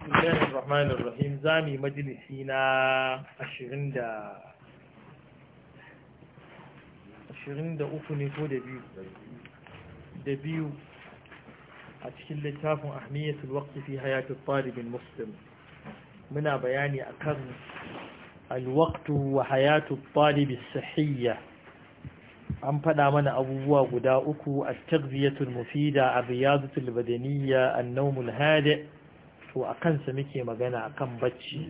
Bismillahir Rahmanir Rahim zami majalisi a cikin littafin Ahmiyatul Waqt fi muna bayani akan al-waqt wa hayatul talib as an faɗa mana abubuwa guda uku at-taghziyatul mufida ar-riyadatul badaniyya an-nawmul hadi' to a kansa muke magana kan bacci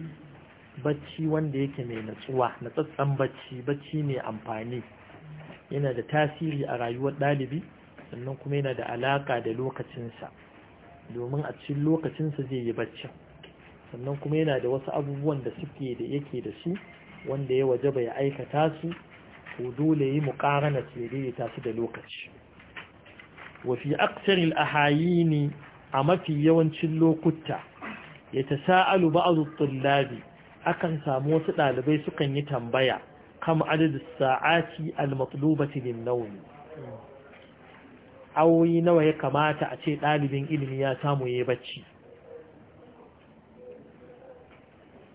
bacci wanda yake mai natsuwa na tsatsan bacci bacci mai amfani yana da tasiri a rayuwar ɗalibi sannan kuma yana da alaka da lokacinsa domin a cikin lokacinsa zai yi bacci sannan kuma yana da wasu abubuwan da suke da yake da su wanda ya waje bai aikata su ko dole yi muƙarana su daidaita su da lokaci wa fi aksaril ahayini a mafi yawancin lokuta ya ta sa'alu ba'adu tullabi akan samu wasu ɗalibai sukan yi tambaya kam adadin sa'ati al-matlubati lin nawmi awoyi nawa ya kamata a ce ɗalibin ilimi ya samu yi bacci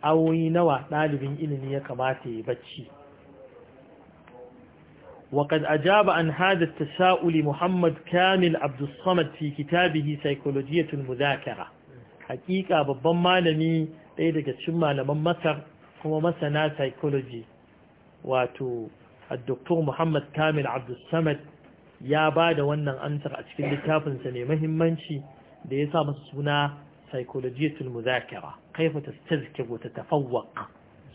awoyi nawa ɗalibin ilimi ya kamata ya yayi bacci وقد أجاب عن هذا التساؤل محمد كامل عبد الصمد في كتابه سيكولوجية المذاكرة hakika babban malami ɗaya daga cikin malaman masar kuma masana psychology wato dr muhammad kamil abdulsamad ya ba da wannan amsar a cikin littafinsa mai mahimmanci da ya sa masa suna psychologiyatul muzakara kaifa tastazkir wa tatafawwaq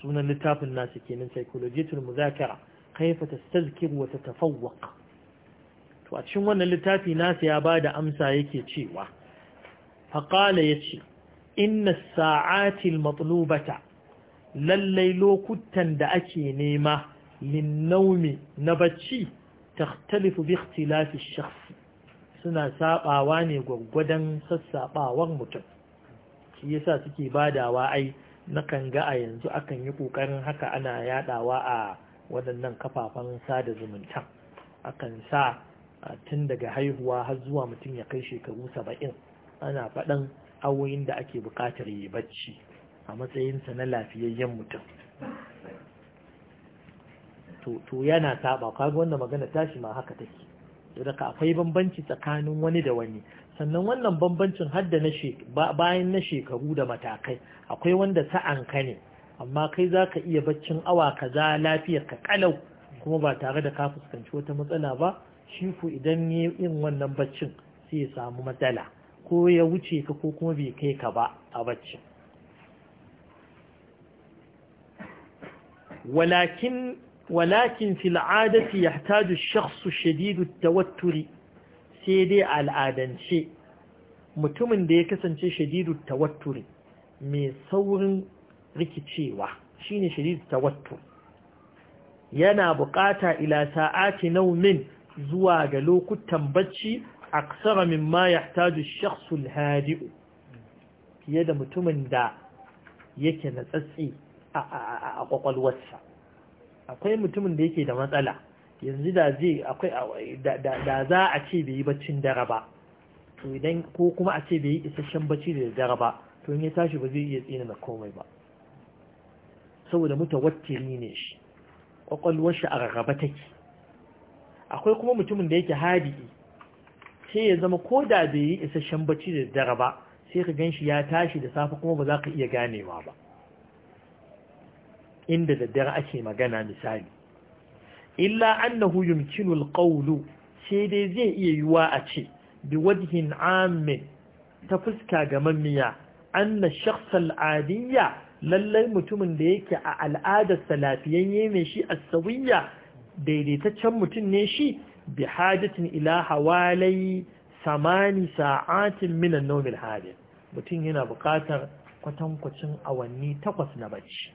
sunan littafin nasu kenan psychologiyatul muzakara kaifa tastazkir wa tatafawwaq to a cikin wannan littafi nasu ya ba da amsa yake cewa faƙala ya ce inna sa'atil matsalubata lallai lokutan da ake nema linnaumi na bacci tahtalifu bi lafi shakhs suna sabawa ne gwaggwadon sassaɓawar mutum shi yasa suke badawa ai na kan ga a yanzu akan yi kokarin haka ana yadawa a waɗannan kafafen sada zumunta akan sa tun daga haihuwa har zuwa mutum ya kai shekaru saba'in ana faɗan awoyin da ake buƙatar yi bacci a matsayinsa na lafiyayyen mutum to yana saba kaga wannan magana tashi ma haka take daga akwai bambanci tsakanin wani da wani sannan wannan bambancin hadda na bayan na shekaru da matakai akwai wanda sa'an ka ne amma kai za ka iya baccin awa ka za lafiyar ka kalau kuma ba tare da ka fuskanci wata matsala ba shi ku idan yin wannan baccin sai ya samu matsala ko ya wuce ka ko kuma bai kai ka ba a walakin Walakin ولكن yahtaju العادة يحتاج الشخص شديد sai dai على al'adance. mutumin da ya kasance shadidu tawatturi mai saurin rikicewa shine shadidu tawattur yana bukata ila sa'ati naumin zuwa ga lokutan bacci aksara mimma yahtaju ash-shakhs al-hadi fiye da mutumin da yake na tsatsi a kwakwalwarsa akwai mutumin da yake da matsala yanzu da zai akwai da za a ce bai yi baccin dare ko kuma a ce bai yi isasshen bacci da dare ba to in ya tashi ba zai iya tsina na komai ba saboda mutawattiri ne shi kwakwalwar shi a rarraba take akwai kuma mutumin da yake hadi'i sai ya zama ko da bai yi isasshen bacci da dare ba sai ka ganshi ya tashi da safe kuma ba za ka iya ganewa ba inda da dare ake magana misali illa annahu yumkinu alqawlu sai dai zai iya yiwa a ce bi wajhin amin ta fuska ga mamiya anna shakhs al'adiyya lallai mutumin da yake a al'adar salafiyayye mai shi as-sawiyya daidaitaccen mutum ne shi bihajatin ila hawalai samani sa'atin minan nomil hadin mutum yana bukatar kwatankwacin awanni takwas na bacci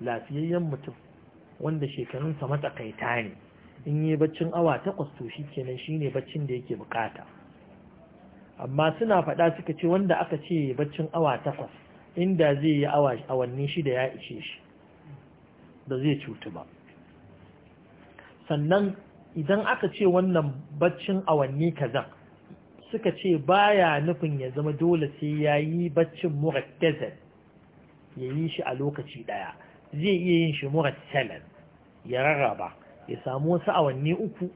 lafiyayyen mutum wanda shekarunsa matsakaita ne in yi baccin awa takwas to shi kenan shi ne baccin da yake bukata amma suna faɗa suka ce wanda aka ce baccin awa takwas inda zai yi awanni shida ya ishe shi ba zai cutu ba sannan idan aka ce wannan baccin awanni kaza suka ce baya nufin ya zama dole sai ya yi baccin murattazan ya yi shi a lokaci daya zai iya yin shi murattalan ya rarraba ya samu wasu awanni uku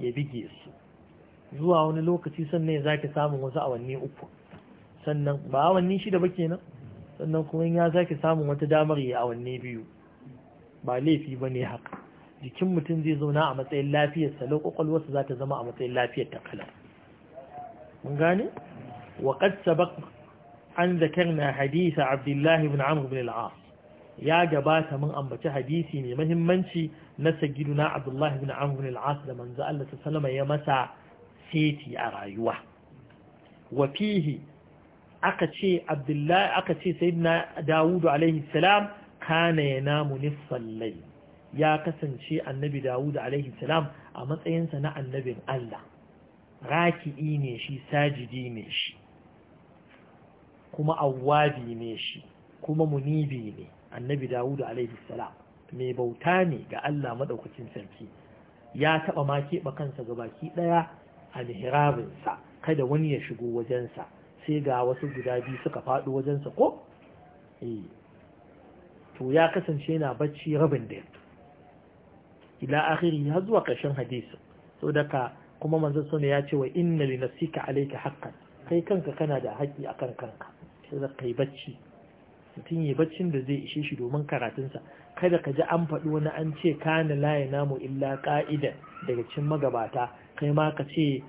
ya bige su zuwa wani lokaci sannan ya zaki samun wasu awanni uku sannan ba awanni shida ba kenan sannan kuma ya zaki samun wata damar ya awanni biyu ba laifi ba ne haka jikin mutum zai zauna a matsayin lafiyarsa lau kwakwalwarsa za ta zama a matsayin lafiyar ta kala mun gane wa qad sabaq an zakarna hadith Abdullah ibn Amr bin al ya gabata mun ambaci hadisi mai muhimmanci na na abdullahi ibn Amr bin al-As da manzo Allah ta sallama ya masa seti a rayuwa wa fihi aka ce abdullahi aka ce sayyidina Dawud alaihi salam kana yanamu nisfal layl ya kasance annabi Dawud alaihi salam a matsayinsa na annabin Allah raki'i ne shi sajidi ne shi kuma awwabi ne shi kuma munibi ne annabi Dawud alaihi salam mai bauta ne ga Allah madaukakin sarki ya taba ma keɓe kansa baki ɗaya a mihrabinsa kada wani ya shigo wajensa sai ga wasu guda biyu suka faɗo wajensa ko eh to ya kasance yana bacci rabin dare ila akhiri har zuwa karshen hadisi so daga kuma manzo sunne ya ce wa inna li nafsika alayka haqqan kai kanka kana da haƙi akan kanka sai da kai bacci mutum yi baccin da zai ishe shi domin karatunsa kada ka ji an faɗi wani an ce kana la ya illa ƙa'ida daga cikin magabata kai ma ka ce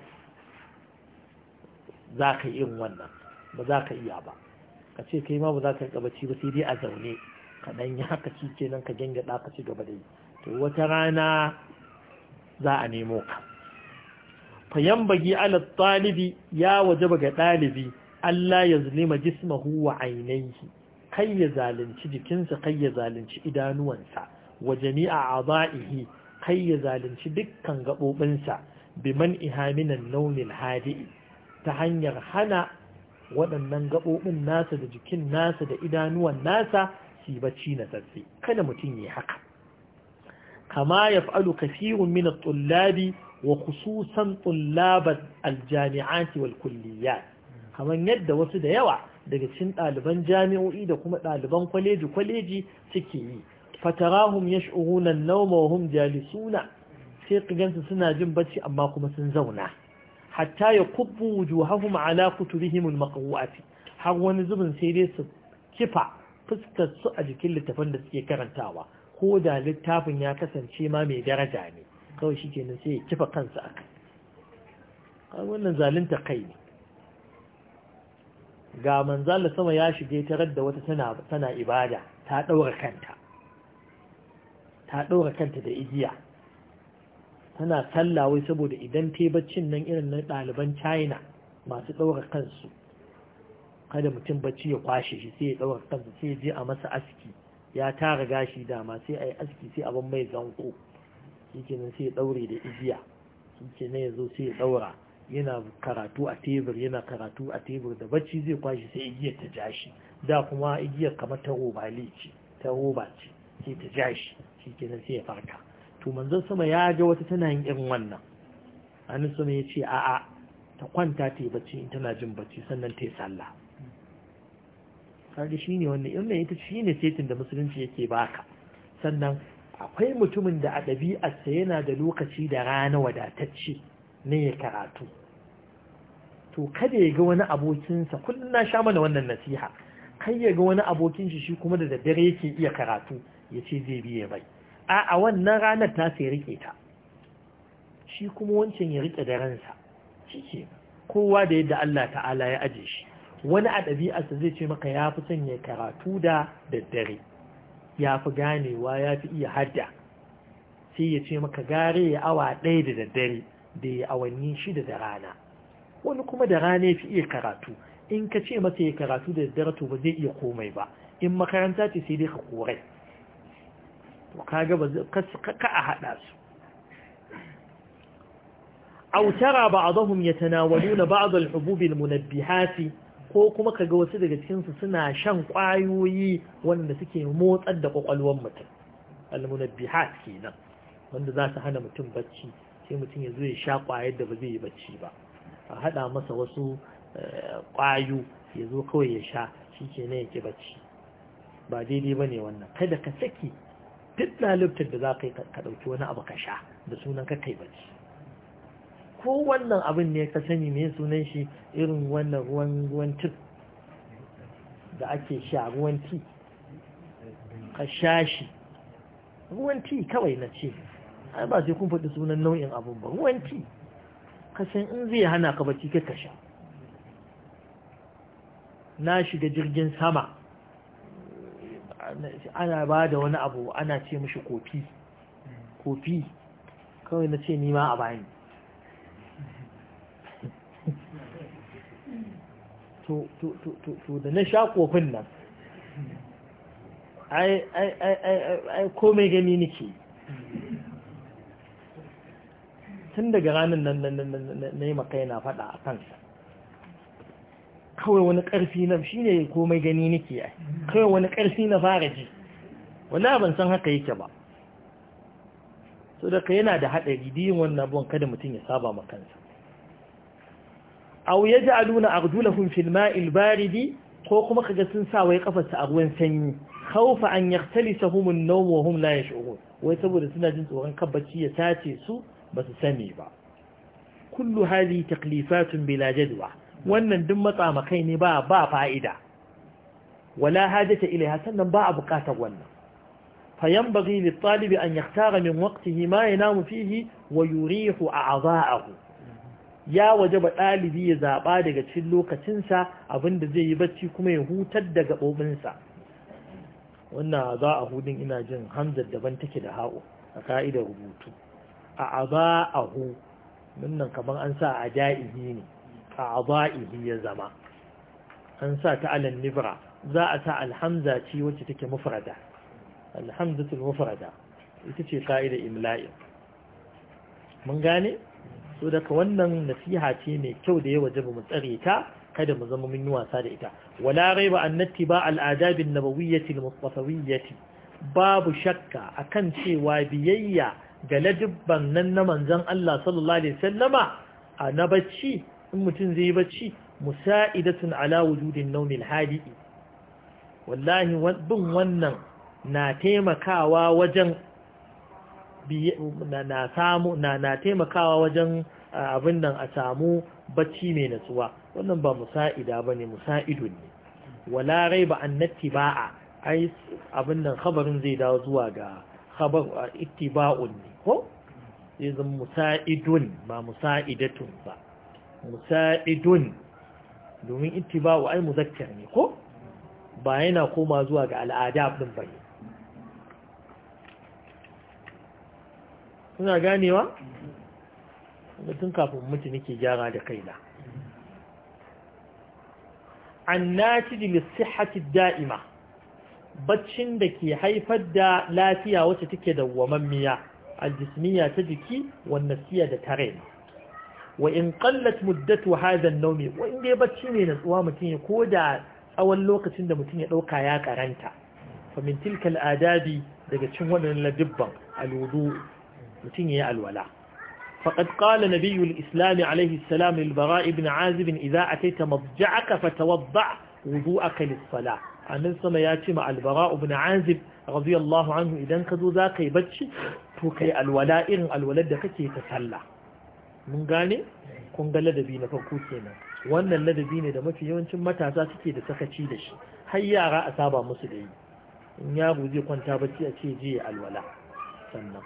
za ka yi wannan ba za ka iya ba ka ce kai ma ba za ka yi bacci ba sai dai a zaune ka dan yi haka shi kenan ka gyangyaɗa ka ci gaba da yi to wata rana za a nemo ka fayan bagi ala talibi ya wajaba ga ɗalibi Allah ya zulima jismahu wa ainihi kai ya zalunci jikinsa kai ya zalunci idanuwansa wa jami'a a'dha'ihi kai ya zalunci dukkan gaɓoɓinsa biman ihaminan launin hadi'i ta hanyar hana waɗannan gaɓoɓin nasa da jikin nasa da idanuwan nasa su yi bacci na tsatsi kada mutum yi haka kama yaf'alu kathirun min at-tullabi wa kususan tullabat aljami'ati wal kulliyat kamar yadda wasu da yawa daga cikin ɗaliban jami'o'i da kuma ɗaliban kwaleji kwaleji suke yi fatarahum ya an nauma wa hum jalisuna sai kigansu suna jin bacci amma kuma sun zauna hatta yakubbu wujuhahum ala kutubihim al-maqru'ati har wani zubin sai dai su kifa fuskarsu a jikin littafin da suke karantawa ko da littafin ya kasance ma mai daraja ne kawai shi kenan sai ya kifa kansa a kai wannan zalunta kai ne ga manzala sama ya shige tarar da wata tana ibada ta ɗaura kanta ta ɗaura kanta da igiya tana sallawai saboda idan baccin nan irin na ɗaliban china masu ɗaura kansu kada mutum bacci ya kwashe shi sai ya ɗaura kansu sai ya je a masa aski ya tara gashi dama sai a yi aski sai abin mai zanko yake nan sai ya daure da igiya yake nan ya zo sai ya daura. yana karatu a tebur yana karatu a tebur da bacci zai kwashi sai igiyar ta jashi da kuma igiyar kamar ta robali ce ta roba ce sai ta jashi shi kenan sai ya farka to manzon sama ya ga wata tana yin irin wannan annabi sama ya ce a'a ta kwanta ta yi bacci in tana jin bacci sannan ta yi sallah shi shi wannan wannan ita shine setin da musulunci yake baka sannan akwai mutumin da a ɗabi'arsa yana da lokaci da rana wadatacce na ya karatu to kada ya ga wani abokinsa kullum na sha mana wannan nasiha kai ya ga wani abokin shi shi kuma da daddare yake iya karatu ya ce zai biye bai a a wannan ranar ta sai rike ta shi kuma wancan ya rike da ransa shi kowa da yadda Allah ta'ala ya ajiye shi wani a ɗabi'arsa zai ce maka ya fi son ya karatu da daddare ya fi ganewa ya fi iya hadda sai ya ce maka gare ya awa ɗaya da daddare da ya awanni shida da rana wani kuma da rana ya fi iya karatu in ka ce masa ya karatu da daddare to ba zai iya komai ba in makaranta ce sai dai ka korai to kaga ba ka a haɗa su أو ترى بعضهم يتناولون بعض الحبوب المنبهات ko kuma ka ga wasu daga cikinsu suna shan ƙwayoyi wanda suke motsar da ƙwaƙwalwar mutum almunabbihat kenan wanda za su hana mutum bacci sai mutum ya zo ya sha ƙwayar da ba zai yi bacci ba a haɗa masa wasu eh, ƙwayo ya zo kawai ya sha shi ke na yake bacci ba daidai ba ne wannan kada ka saki duk lalubtar da za ka ka ɗauki wani abu ka sha da sunan ka kai bacci ko wannan abin ne ka sani mai sunan shi irin wannan ruwan ruwan tip da ake sha ruwan ti ka sha shi ruwan ti kawai na ce ai ba sai kun faɗi sunan nau'in abin ba ruwan ti ka san in zai hana ka bacci ka sha na shiga jirgin sama ana ba da wani abu ana ce mishi kofi kofi kawai na ce nima a bani to da na sha kofin nan ai komai gani nake tun daga ranar nan na yi makai na fada a kansa kawai wani ƙarfi na shi ne komai gani nake ai kawai wani ƙarfi na fara ji wani ban san haka yake ba so da ka yana da haɗari biyun wannan abuwan kada mutum ya saba makansa aw yaj'aluna aghdulahum fil ma'il baridi ko kuma kaga sun sa wai kafarsu a ruwan sanyi khawfa an yakhtalisuhum an-nawm wa hum la yash'urun wai saboda suna jin tsoron kabbaci ya tace su ba su sani ba kullu hadhihi taklifatun bila jadwa wannan duk matsamakai ne ba ba fa'ida wala hajata ilaiha sannan ba a bukatar wannan fayanbaghi lit-talibi an yaktara min waqtihi ma yanamu fihi wa yurihu a'dha'ahu ya waje ba ɗalibi ya zaɓa daga cin lokacinsa abinda zai yi bacci kuma ya hutar da gaɓoɓinsa wannan za a hudun ina jin hamzar daban take da ha'o a ka'idar rubutu a aba a hu wannan kamar an sa a da'ihi ne a aba'ihi ya zama an sa ta alan nibra za a sa alhamza ce wacce take mufrada alhamzatul mufrada ita ce ka'idar imla'in mun gane so daga wannan nasiha ce mai kyau da ya wajaba mu tsare ta kada mu zama mun yi wasa da ita wala raiba annati ba al'adabi nabawiyyati al-mustafawiyyati babu shakka akan cewa biyayya ga ladibban nan na manzon Allah sallallahu alaihi wasallama a na bacci in mutum zai bacci musa'idatun ala wujudin nawmil hadi wallahi bin wannan na taimakawa wajen na taimakawa wajen abin nan a samu bacci mai natsuwa wannan ba musa'ida bane musa'idu ne wala an annati ba'a ai abin nan khabarin zai dawo zuwa ga khabar ittiba'un ne ko zai zama musa'idun ba musa'idatun ba musa'idun domin ittiba'u ai muzakkar ne ko ba yana koma zuwa ga al'ada din bane suna ganewa tun kafin mutu nake gyara da kaina annati da lissihati da'ima baccin da ke haifar da lafiya wacce take dawwamammiya aljismiya ta jiki wannan siya da tare wa in kallat muddatu hadha an-nawmi wa in dai bacci ne natsuwa mutum ya da tsawon lokacin da mutum ya ɗauka ya karanta fa min tilka daga cikin waɗannan ladibban al mutum ya yi alwala faƙad ƙala na biyu l'islami alaihissalam ilbara ibn azibin idan a kai ta aka fata wadda wudu a kan sama ya ce ma albara ibn azib radiyallahu anhu idan ka zo zaka ka yi bacci to kai alwala irin alwalar da kake ta sallah gane kun ladabi na farko kenan wannan ladabi ne da mafi yawancin matasa suke da sakaci da shi har yara a saba musu da yi in yaro zai kwanta bacci a ce je alwala sannan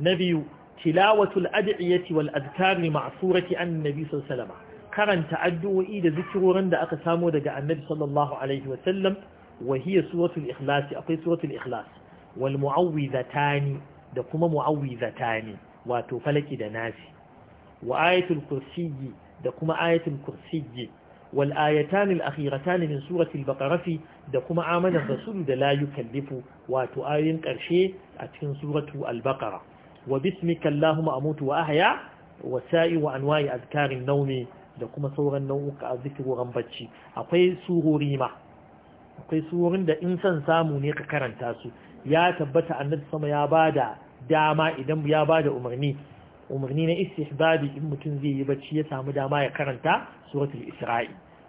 na biyu tilawatul ad'iyati wal adkar li surati annabi sallama karanta addu'o'i da zikirorin da aka samo daga annabi sallallahu alaihi wa sallam wa hiya suratul akwai suratul ikhlas wal mu'awwidhatani da kuma mu'awwidhatani wato falaki da nafi wa ayatul kursiyyi da kuma ayatul kursiyyi wal ayatan al akhiratan min bakarafi da kuma amana rasul da layukan lifu wato ayoyin karshe a cikin suratul baqara Wa wa اللهم أموت وأحيا wa anwa'i أذكار nauni da kuma sauran nau'uka a zikirorin bacci akwai surori ma akwai surorin da in son samu ne ka karanta su ya tabbata annabi sama ya bada dama idan ya bada umarni umarni na istihbabi in mutum zai yi bacci ya samu dama ya karanta suratul isra'i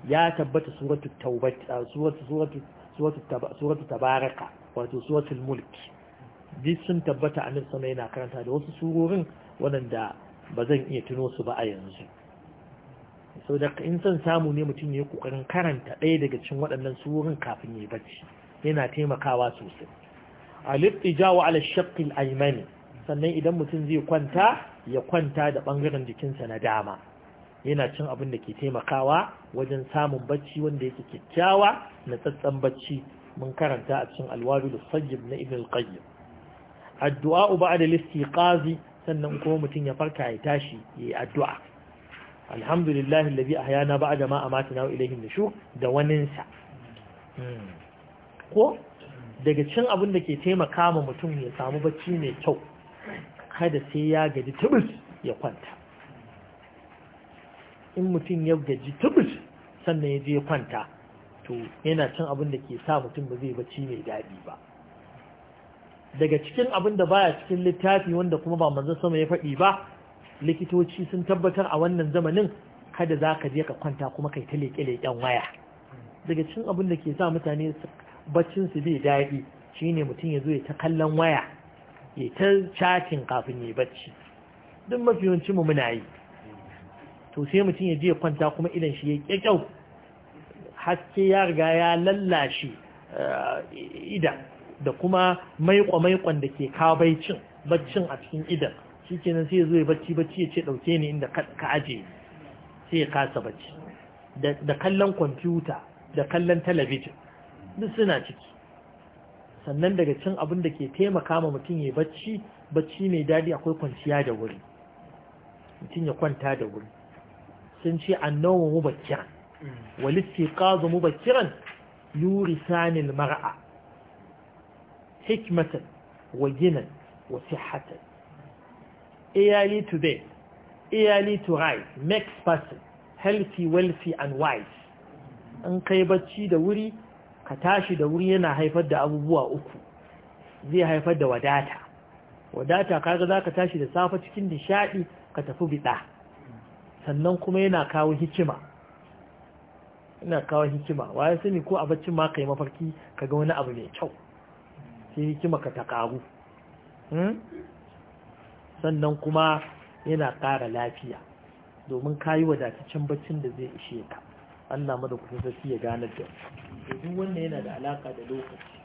ya tabbata suratul suratul suratul suratul tabaraka wato suratul mulk duk sun tabbata a sama yana karanta da wasu surorin waɗanda ba zan iya tuno su ba a yanzu sau da in son samu ne mutum ya ƙoƙarin karanta ɗaya daga cikin waɗannan surorin kafin ya bacci yana taimakawa sosai a jawo ala shakil aimani sannan idan mutum zai kwanta ya kwanta da ɓangaren jikinsa na dama yana cin abin da ke taimakawa wajen samun bacci wanda yake kyakkyawa na tsatsan bacci mun karanta a cikin alwabi da sajib na ibn al-qayyim addu'a uba da listi ƙazi sannan kuma mutum ya farka ya tashi ya yi addu'a alhamdulillah lalabi a hayana ba da ma'a mata na da shu da waninsa hmm. ko daga cin abin da ke taimaka ma mutum ya samu bacci mai kyau kada sai ya gaji tubus ya kwanta in mutum ya gaji tubus sannan ya je kwanta to yana cin abin da ke sa mutum ba zai bacci mai daɗi ba daga cikin abin da baya cikin littafi wanda kuma ba manzon sama ya faɗi ba likitoci sun tabbatar a wannan zamanin kada za ka je ka kwanta kuma kai ta leƙe-leƙen waya daga cikin abin da ke sa mutane baccin su bai daɗi shine mutum ya zo ya ta kallon waya ya ta chatting kafin ya bacci duk mafi yawanci mu muna yi to sai mutum ya je ya kwanta kuma idan shi ya kyau haske ya riga ya lallashe eh, idan da kuma maiko-maikon da ke kawo baicin baccin a cikin idan shi ke nan sai zai bacci bacci ya ce ɗauke ni inda ka aje sai ya kasa bacci da kallon kwamfuta da kallon talabijin duk suna ciki sannan daga cin abin da ke taimaka ma mutum ya bacci bacci mai daɗi akwai kwanciya da wuri mutum ya kwanta da wuri sun ce nawa mu annawa mubakiran mm. walisti mu bakiran yuri sanil mara'a hikmatan wa gina wa sihhatan early to bed early to rise healthy wealthy and wise an kai bacci da wuri ka tashi da wuri yana haifar da abubuwa uku zai haifar da wadata wadata kaga za ka tashi da safe cikin nishaɗi ka tafi biɗa sannan kuma yana kawo hikima ina kawo hikima waye sani ko a baccin ma kai mafarki ga wani abu mai kyau sai hikima ka ta ƙaru hmm? sannan kuma yana ƙara lafiya domin ka yi wadataccen baccin da zai ishe ka Allah madaukakin sarki ya ganar da duk wannan yana da alaƙa da lokaci